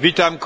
Witam